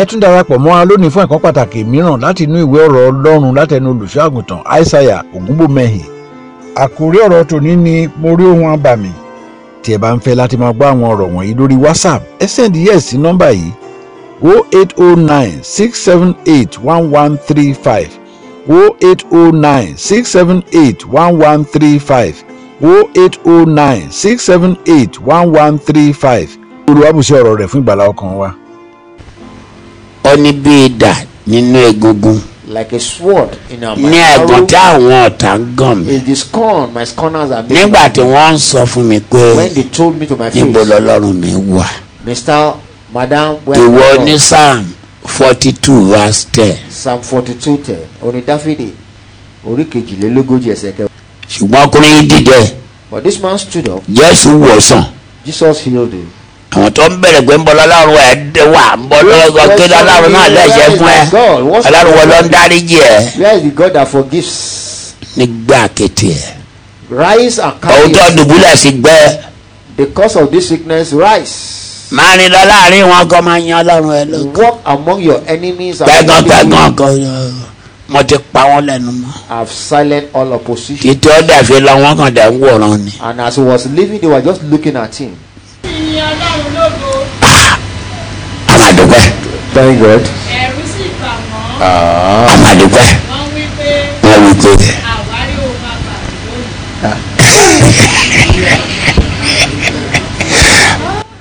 ẹ tún darapọ̀ mọ́ wa lónìí fún ẹ̀kọ́ pàtàkì mìíràn láti inú ìwé ọ̀rọ̀ ọlọ́run látẹnu olùṣọ́àgùntàn aishaiya ògúnbòmẹ́hìn àkórí ọ̀rọ̀ tòní ni mo rí ohun abàmì tí ẹ bá ń fẹ́ láti máa gbọ́ àwọn ọ̀rọ̀ wọ̀nyí lórí whatsapp ẹ send yes sí nọ́mbà yìí 08096781135 08096781135 08096781135 olùwàbùsẹ̀ ọ̀rọ̀ rẹ̀ fún ìgbàlá ọkàn wa ó bí idà nínú egungun. like a sword in our mind. ní ẹ̀gàn àwọn ọ̀tá ń gàn mí. the scorn my scorners are nígbà tí wọ́n ń sọ fún mi pé. when they told me to my face. níbo lọ́lọ́run mi wà. madam where you were. ìwọ ní psalm forty two verse ten. psalm forty two ten orin dáfídì orí kejìlélógójì ẹsẹ̀ kẹwàá. ṣùgbọ́n ọkùnrin yìí dìde. but this man stood up. jésù wòsàn. jesus healed him tó ń bẹ̀rẹ̀ pé ń bọ́ lọ́lọ́run ẹ̀ wà ń bọ́ lọ́lọ́run kí lọ́lọ́run náà lẹ́sẹ̀ fún ẹ ọlọ́run wo ló ń dáríjì ẹ. where is God that forgives. nígbà kẹtì ẹ. rise and carry. òun tó dùbúlẹ̀ sí gbẹ. of this sickness rise. máa ní lọ láàrin wọn kọ́ máa yan ọlọ́run ẹ lóko. walk among your enemies. kan mo ti pa wọn lẹ́nu mọ́. I have silent all opposition. títí ó lọ wọn kàn dẹ̀ ń wòran ni. and as he was leaving they were just looking at him. Thank God. ẹ̀rù sì bà wọ́n. àmàdúgbà. Ah. wọ́n wí pé. wọ́n wí pé. àwárí o bàbà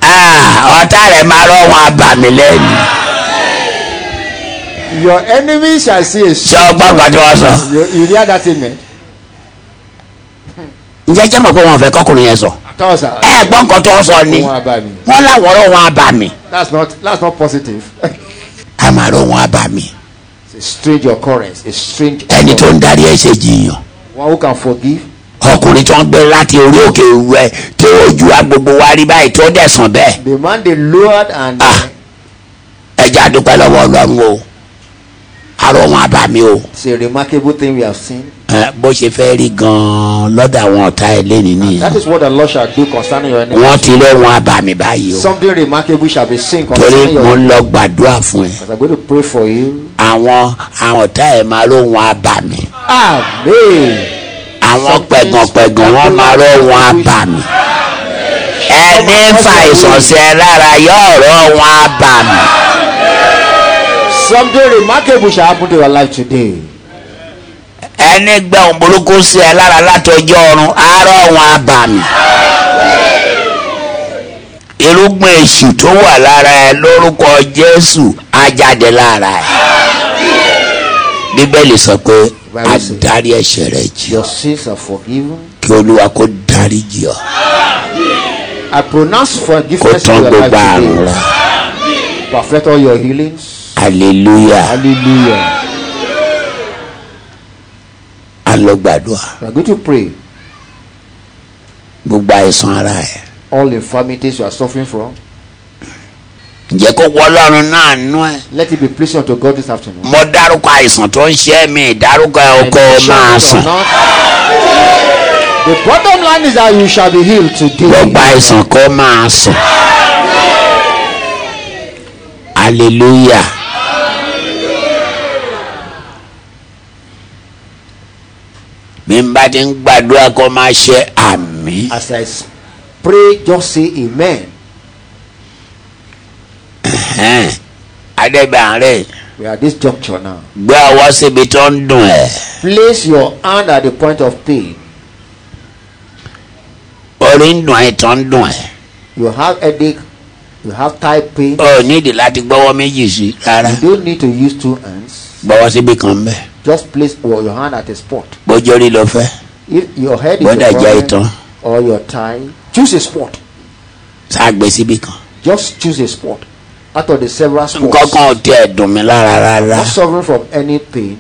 ah, ọ̀tá rẹ̀ máa rọ́ wọn abàmì lẹ́nu. your enemy shall see a. ṣé ọgbọ́n kan tí wọ́n sọ. you hear that thing, ǹjẹ́ jẹ́ mọ̀ pé wọn ò fẹ́ kọ́kùnrin yẹn sọ ẹ gbọ́n kan tó ń sọ ni wọ́n láwọ̀rọ̀ wọn abà mi. that's not that's not positive. àmàrò wọn abà mi. it's a strange occurrence a strange. ẹni tó ń darí ẹ ṣe jiyàn. one who can forgive. ọkùnrin tó ń gbé láti orí òkè rẹ tí ojú agbogbo wa rí báyìí tó dẹ̀ sàn bẹ́ẹ̀. the man they lowered and. Ah, ẹja dúpẹ́ lọ́wọ́ ọlọ́run o àrò wọn àbàmì o. it's a remarkable thing we have seen. bó ṣe fẹ́ rí gan-an lọ́dọ̀ àwọn ọ̀tá ẹ̀ lẹ́ni ní. that is what the Lord shall do concerning your enemy. wọ́n ti lé wọn àbàmì báyìí o. something remarkable shall be seen concerning your enemy. torí mo ń lọ gbàdúrà fún ẹ. as I go to pray for you. àwọn àwọn ọ̀tá ẹ̀ máa ló wọn àbàmì. amen. àwọn pẹ̀gànpẹ̀gàn wọn máa ló wọn àbàmì. ẹni fa ìsọ̀nsẹ̀ lára yóò rọ wọn àbàmì something remarkable shall happen to your life today. ẹni gbẹ ohun burúkú sí ẹ lára láti ọjọ́ ọ̀run àárọ̀ wọn abàmì irúgbìn èṣù tó wà lára ẹ lórúkọ Jésù á jáde lára ẹ Bíbélì sọ pé a dárí ẹ̀ṣẹ̀ rẹ jì kí Olúwa kó dárí jì ọ́ kó tán gbogbo àrùn rẹ. Perfect all your healings hallelujah hallelujah a lọ gbàdúrà we are going to pray gbogbo àìsàn ara ẹ. all infirmities you are suffering from. ǹjẹ́ kó wọ náà nú ẹ. let it be pleasing to God this afternoon. mo dárúkọ àìsàn tó ń ṣe mí dárúkọ ọkọ máa sàn. the bottom line is that you shall be healed today. gbogbo àìsàn kó máa sàn. hallelujah. bí n bá ti ń gbàdúrà kó máa ṣe àmì. as i pray just say amen. adébàárẹ̀. we are at this juncture now. gbé àwọ̀ síbi tó ń dùn ẹ̀. place your hand at the point of pain. orí ń dùn ẹ̀ tó ń dùn ẹ̀. you have headache you have type pain. o ní ìdí láti gbọ́wọ́ méjì sí rárá. you don't need to use two hands. gbọ́wọ́ síbi kan bẹ́ẹ̀ just place your hand at a spot. bọ́jọ́ rí lọ fẹ́. if your head is Bọ́dà problem. or your tie choose a spot. sáàgbé síbi kan. just choose a spot out of the several spots. nǹkan kan ò tiẹ̀ dùn mí lára rárá. not suffering from any pain.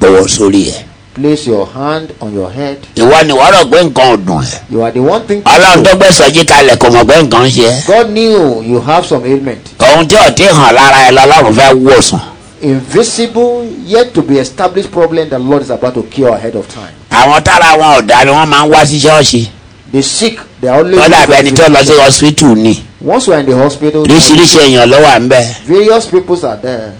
gbọ́wọ́ sórí ẹ̀. place your hand on your head. ìwọ ni wọ́n rọ̀ pé nǹkan ò dùn ẹ̀. you are the one thing. ọlọ́run tó gbé sọ́jí kalẹ̀ kò mọ̀ pé nǹkan ń ṣe. God knew you have some ailment. ohun tí ò hàn lára ẹ lọ́lọ́run fẹ́ wòsàn invisible yet to be established problem the Lord is about to cure ahead of time. àwọn tára wọn ò dá ni wọ́n máa ń wá sí ṣọ́ọ̀ṣì. the sick they are only. lọ́dà bẹ́ẹ̀ ni tó lọ sí hospital ni. once you are in the hospital. oríṣiríṣi èèyàn ló wà ń bẹ̀. various peoples are there.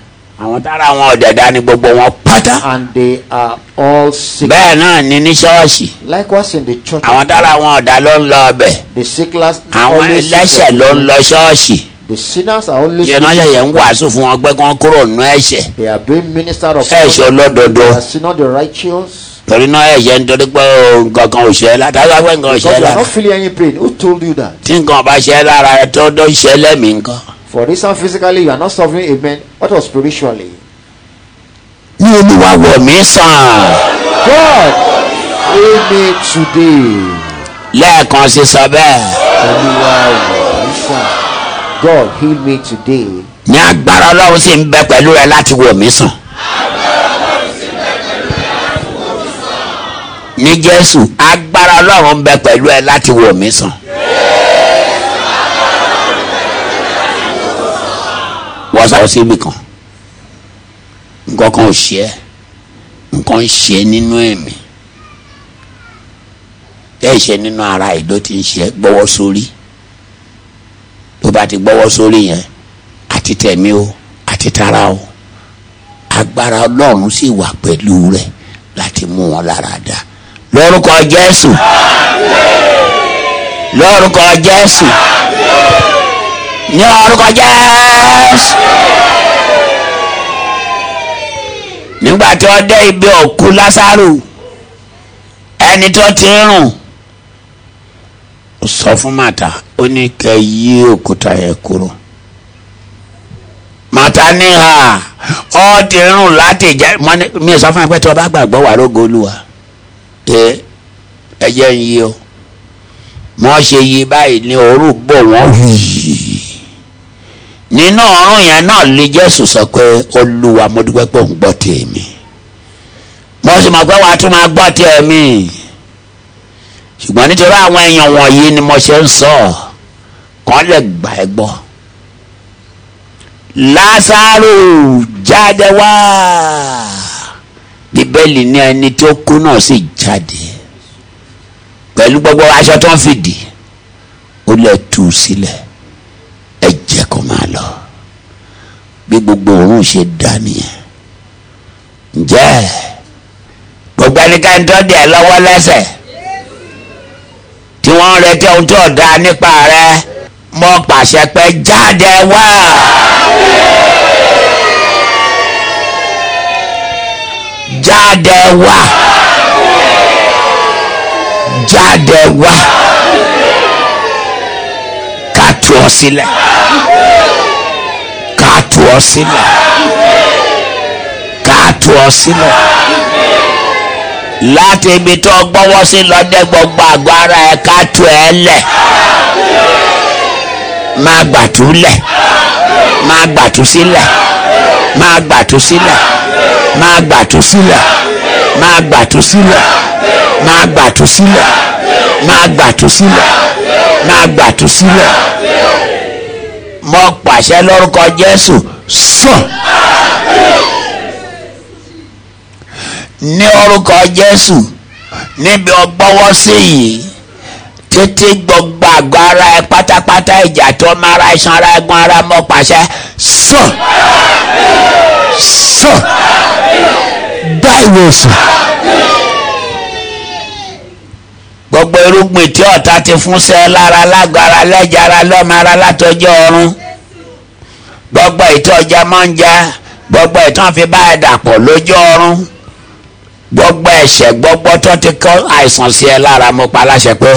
àwọn tára wọn ò dẹ̀dá ni gbogbo wọn pátá. and they are all sick. bẹ́ẹ̀ náà ni ní ṣọ́ọ̀ṣì. likewise in the church. àwọn tára wọn ò dá ló ń lọ ọbẹ̀. the sick last. àwọn ẹlẹ́ṣẹ̀ ló ń lọ ṣọ́ọ̀ṣì the sinners are only. yẹn náà yẹ ń wàásù fún wọn pé kúrò nínú ẹ̀ṣẹ̀. they are being minister of. ẹ̀ṣẹ̀ olódodo. they are sinner the righteous torí náà ẹ̀yẹ nítorí pé nǹkan kan ò ṣe é lára táwọn pé nǹkan ò ṣe é lára. because you are not feeling any pain who told you that. tí nǹkan bá ṣe é lára ẹ tó tó ṣe lẹ́mìí nǹkan. for reason physically you are not suffering amen what was spiritually. ní olúwa wọ̀ mí sàn. God heal me today. lẹ́ẹ̀kan sí sọ bẹ́ẹ̀. olúwa wọ̀ mí sàn. God heal me today. ní agbára ọlọ́run sì ń bẹ pẹ̀lú rẹ láti wò mí sàn. ní jésù agbára ọlọ́run ń bẹ pẹ̀lú ẹ láti wò mí sàn. wọ́n sọ sí kan nǹkan kan ò ṣe é nǹkan ń ṣe nínú ẹ̀mí ẹ̀ ṣe nínú ara ẹ̀ ló ti ń ṣe gbọ́wọ́ sórí tó bá ti gbọ́wọ́ sórí yẹn àti tẹ̀mí o àti tara o agbára ọlọ́run sì wà pẹ̀lú rẹ̀ láti mú wọn lára dá lórúkọ jésù lórúkọ jésù ní orúkọ jésù nígbà tí wọ́n dé ibi òkú lásàrò ẹni tó ti ń rùn. sọfún fún ó ní kẹ yí òkúta yẹn kúrò màtá ní ha ọ ti rún láti jẹ mi sọ fún ẹgbẹ́ tí wọ́n bá gbàgbọ́ wà lógo olúwa ẹ ẹ jẹ́ ń yí o wọ́n ṣe yí báyìí ní òru bò wọ́n yìí nínú ọ̀run yẹn náà lè Jésù sọ pé olúwa mo dúpẹ́ pé òun gbọ́ tèmi mo sì mọ̀ pé wàá tún máa gbọ́ tèmi. ṣùgbọ́n nítorí àwọn èèyàn wọ̀nyí ni mo ṣe ń sọ kàn lè gbà ẹ́ gbọ́ Lásárù jáde wá bíbélì ní ẹni tó kú náà sì jáde pẹ̀lú gbogbo aṣọ tó ń fìdí ó lè tú sílẹ̀ ẹ jẹ́ máa lọ bí gbogbo òun ṣe dà nìyẹn ǹjẹ́ gbogbo ẹnikẹ́ni tó dẹ̀ lọ́wọ́ lẹ́sẹ̀ tí wọ́n ń retí ohun tó dáa nípa rẹ mo pàṣẹ pé jáde wá. jáde wá. jáde wá. ká tú ọ sílẹ̀. ká ọ sílẹ̀. ká ọ sílẹ̀ láti ibi tó gbọ́wọ́ sí lọ́dẹ gbogbo àgọ́ ara ẹ̀ ká tu ẹ̀ lẹ̀ máa gbàtú lẹ̀ máa gbàtú sílẹ̀ máa gbàtú sílẹ̀ máa gbàtú sílẹ̀ máa gbàtú sílẹ̀ máa gbàtú sílẹ̀ máa gbàtú sílẹ̀ máa gbàtú sílẹ̀ mo pàṣẹ lórúkọ Jésù sùn. So ní orúkọ jésù níbi ọgbọ́wọ́ sí yìí títí gbogbo àgọ́ ara ẹ pátápátá ìjà tó máa ra iṣan ara ẹ̀gbọ́n ara mọ́ pàṣẹ sàn sàn gba ìwòsàn gbogbo irúgbìn tí ọ̀tá ti fún sẹ́ lára lágbára lẹ́jàra lọ́mọara látọjọ́ ọ̀run gbogbo ìtọ́jà máa ń já gbogbo ìtàn fi bá ẹ̀ dàpọ̀ lójú ọ̀run gbogbo ẹ̀ṣẹ̀ gbogbo tó ti kọ àìsàn sí ẹ lára mo pa aláṣẹ pé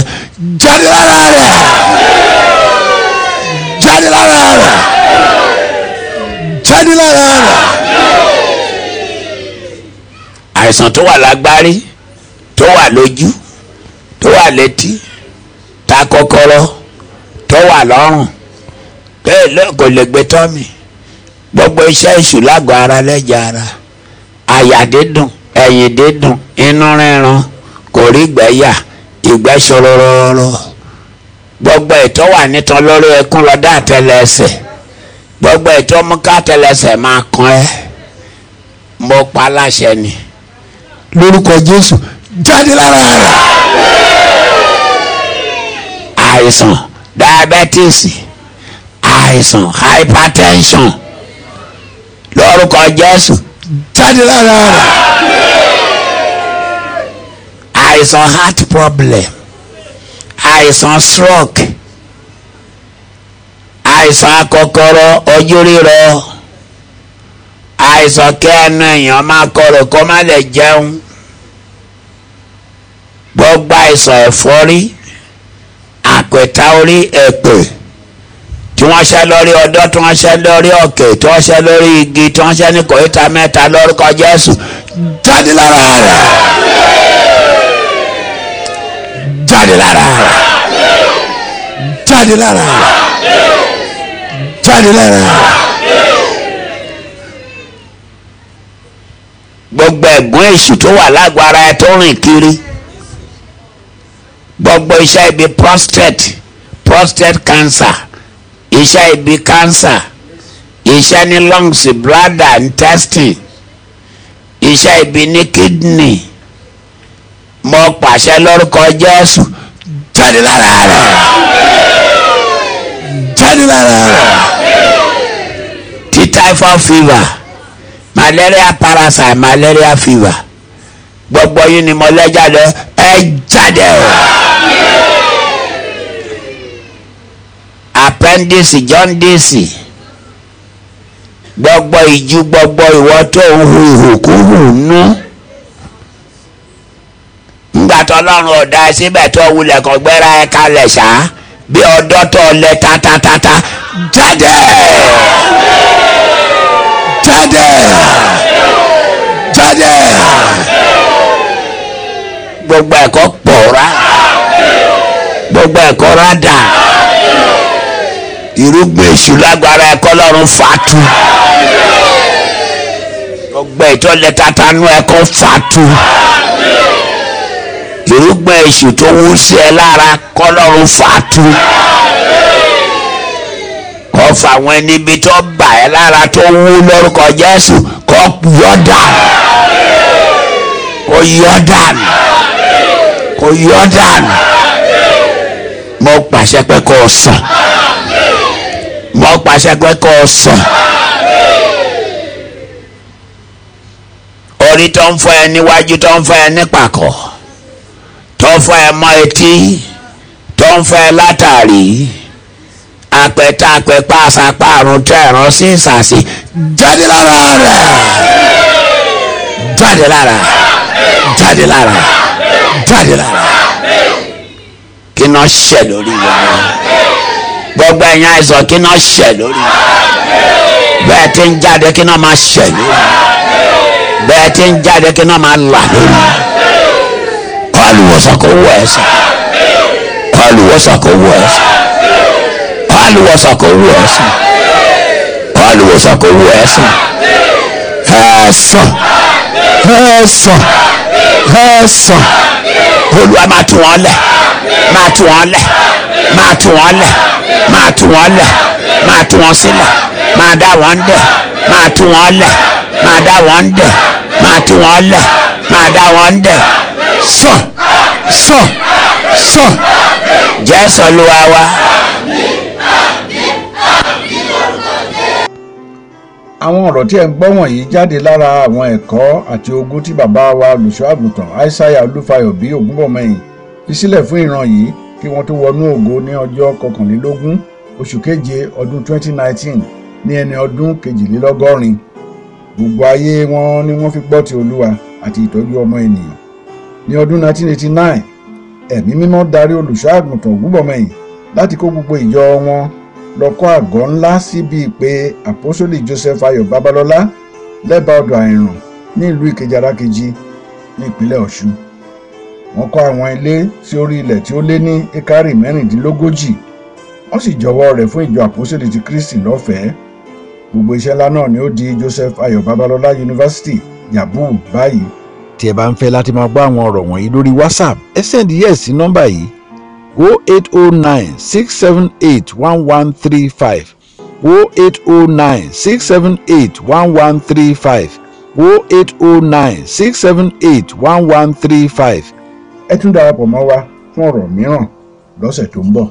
jáde lára rẹ jáde lára rẹ jáde lára rẹ àìsàn tó wà lágbárí tó wà lójú tó wà létí ta kọ́kọ́rọ́ tó wà lọ́rùn bẹ́ẹ̀ kò lè gbé tọ́ mi gbogbo iṣẹ́ ìṣù lágọ̀ọ́ ara lẹ́jà ara àyà dídùn ẹ̀yìn dídùn inú rírun kò rí ìgbà yà ìgbà ṣòro rọrọ gbogbo ètò wà nítan lórí ẹkún lọ́dá àtẹlẹsẹ̀ gbogbo ètò mú ká àtẹlẹsẹ̀ máa kan ẹ́ mo pa aláṣẹ ni. lórúkọ Jésù jáde lára rẹ̀. àìsàn diabetics àìsàn hypertension lórúkọ Jésù jáde lára rẹ̀ àìsàn heart problem àìsàn stroke àìsàn akọkọrọ ojú ríro àìsàn kẹ́ẹ̀nù èèyàn máa kọrò kó má lè jẹun gbogbo àìsàn ẹ̀fọ́rí àpẹ̀tà orí ẹ̀pẹ̀ tí wọ́n ṣẹ́ lórí ọ̀dọ́ tí wọ́n ṣẹ́ lórí òkè tí wọ́n ṣẹ́ lórí igi tí wọ́n ṣẹ́ ní kòríta mẹ́ta lórúkọ Jésù jáde lára rẹ̀ jáde lára jáde lára jáde lára. gbogbo ẹ̀gún èṣù tó wà lágọ̀ọ́ ara ẹ tó rìn kiri gbogbo iṣẹ́ ibi prostate prostate cancer iṣẹ́ ibi cancer iṣẹ́ ní lungs bladder intestine iṣẹ́ ibi ní kidney mo pàṣẹ lórúkọ Jésù jáde lára rẹ̀ jáde lára rẹ̀ tí typhoid fever malaria parasite malaria fever gbogbo yín ni mo lẹ̀ jáde ẹ jáde o. appendix jaundice gbogbo ìjú gbogbo ìwọ tó nú. No? ńgbà tó lọ́rùn ọ̀dà síbẹ̀ tó wulẹ̀ kọ́ gbéra ẹ̀ kalẹ̀ ṣá bí ọdọ́ tó lẹ tatatata jáde jáde jáde gbogbo ẹkọ pọ̀ra gbogbo ẹkọ rádà irúgbìn èṣù lágbára ẹkọ lọ́rùn fàtú gbogbo ìtọ́lẹ̀ tatanu ẹ̀kọ́ fàtú. èròǹgbà èṣù tó wú sí ẹ lára kọlọ́run fàtú kọfà àwọn ẹni ibi tó bà ẹ lára tó wú lórúkọ Jésù kọ yọdà kò yọdà kò yọdà mo pàṣẹ pé kò sàn mo pàṣẹ pé kò sàn. orí tó ń fọ ẹ níwájú tó ń fọ ẹ nípàkọ́. ọfọ ẹ mọ etí tó ń fẹ́ látàrí apẹtapẹ pàṣàpàrùn tẹ̀ràn sí ìsàsì jáde lára rẹ̀ jáde lára jáde jáde lára kí lórí wọn gbogbo ẹ̀yin àìsàn kí náà ṣẹ lórí wọn bẹ́ẹ̀ ń jáde kí palu wasakowoesa palu wasakowoesa palu wasakowoesa palu wasakowoesa ẹsọ ẹsọ ẹsọ olúwa máa tún wọn lẹ máa tún wọn lẹ máa tún wọn lẹ máa tún wọn lẹ máa tún wọn sílẹ̀ máa dá wọn dẹ máa tún wọn lẹ máa dá wọn dẹ máa tún wọn lẹ máa dá wọn dẹ sọ sọ sọ. jésù olúwa wa. àwọn ọ̀rọ̀ tí ẹ̀ ń gbọ́ wọ̀nyí jáde lára àwọn ẹ̀kọ́ àti ogún tí bàbá wa olùṣọ́ àgùntàn aishaiya olúfayọ bí ògúnbọ̀mọyìn fi sílẹ̀ fún ìran yìí kí wọ́n tó wọnú ògo ní ọjọ́ kọkànlélógún oṣù keje ọdún 2019 ní ẹni ọdún kejìlélọ́gọ́rin gbogbo ayé wọn ni wọ́n fi gbọ́ ti olúwa àti ìtọ́jú ọmọ ènìyàn ní ọdún 1989 ẹ̀mí mímọ́ darí olùṣọ́ àgùntàn ògúnbọ̀mọyìn láti kó gbogbo ìjọ wọn lọ kọ́ àgọ́ ńlá síbi ìpè àpọ́sólì Joseph Ayọ̀ Babalọ́lá lẹ́bàá ọ̀dọ̀ àìrùn ní ìlú Ìkejì Arákejì ní ìpínlẹ̀ Ọ̀ṣun wọ́n kọ́ àwọn ilé sí orí ilẹ̀ tí ó lé ní ekari mẹ́rìndínlógójì wọ́n sì jọ̀wọ́ rẹ̀ fún ìjọ àpọ́sólì ti Kristi lọ́fẹ̀ẹ́ gbogbo iṣẹ́ ńlá náà ni ó di Joseph Ayọ̀ Babalọ́lá University Yabu báyìí tí ẹ bá ń fẹ́ láti máa gbọ́ àwọn ọ̀rọ̀ wọ̀nyí lórí whatsapp ẹ sẹ́ndí yẹ̀ sí nọ́mbà yìí 08096781135 08096781135 08096781135. ẹ tún darapọ̀ mọ́ wa fún ọ̀rọ̀ mìíràn lọ́sẹ̀ tó ń bọ̀.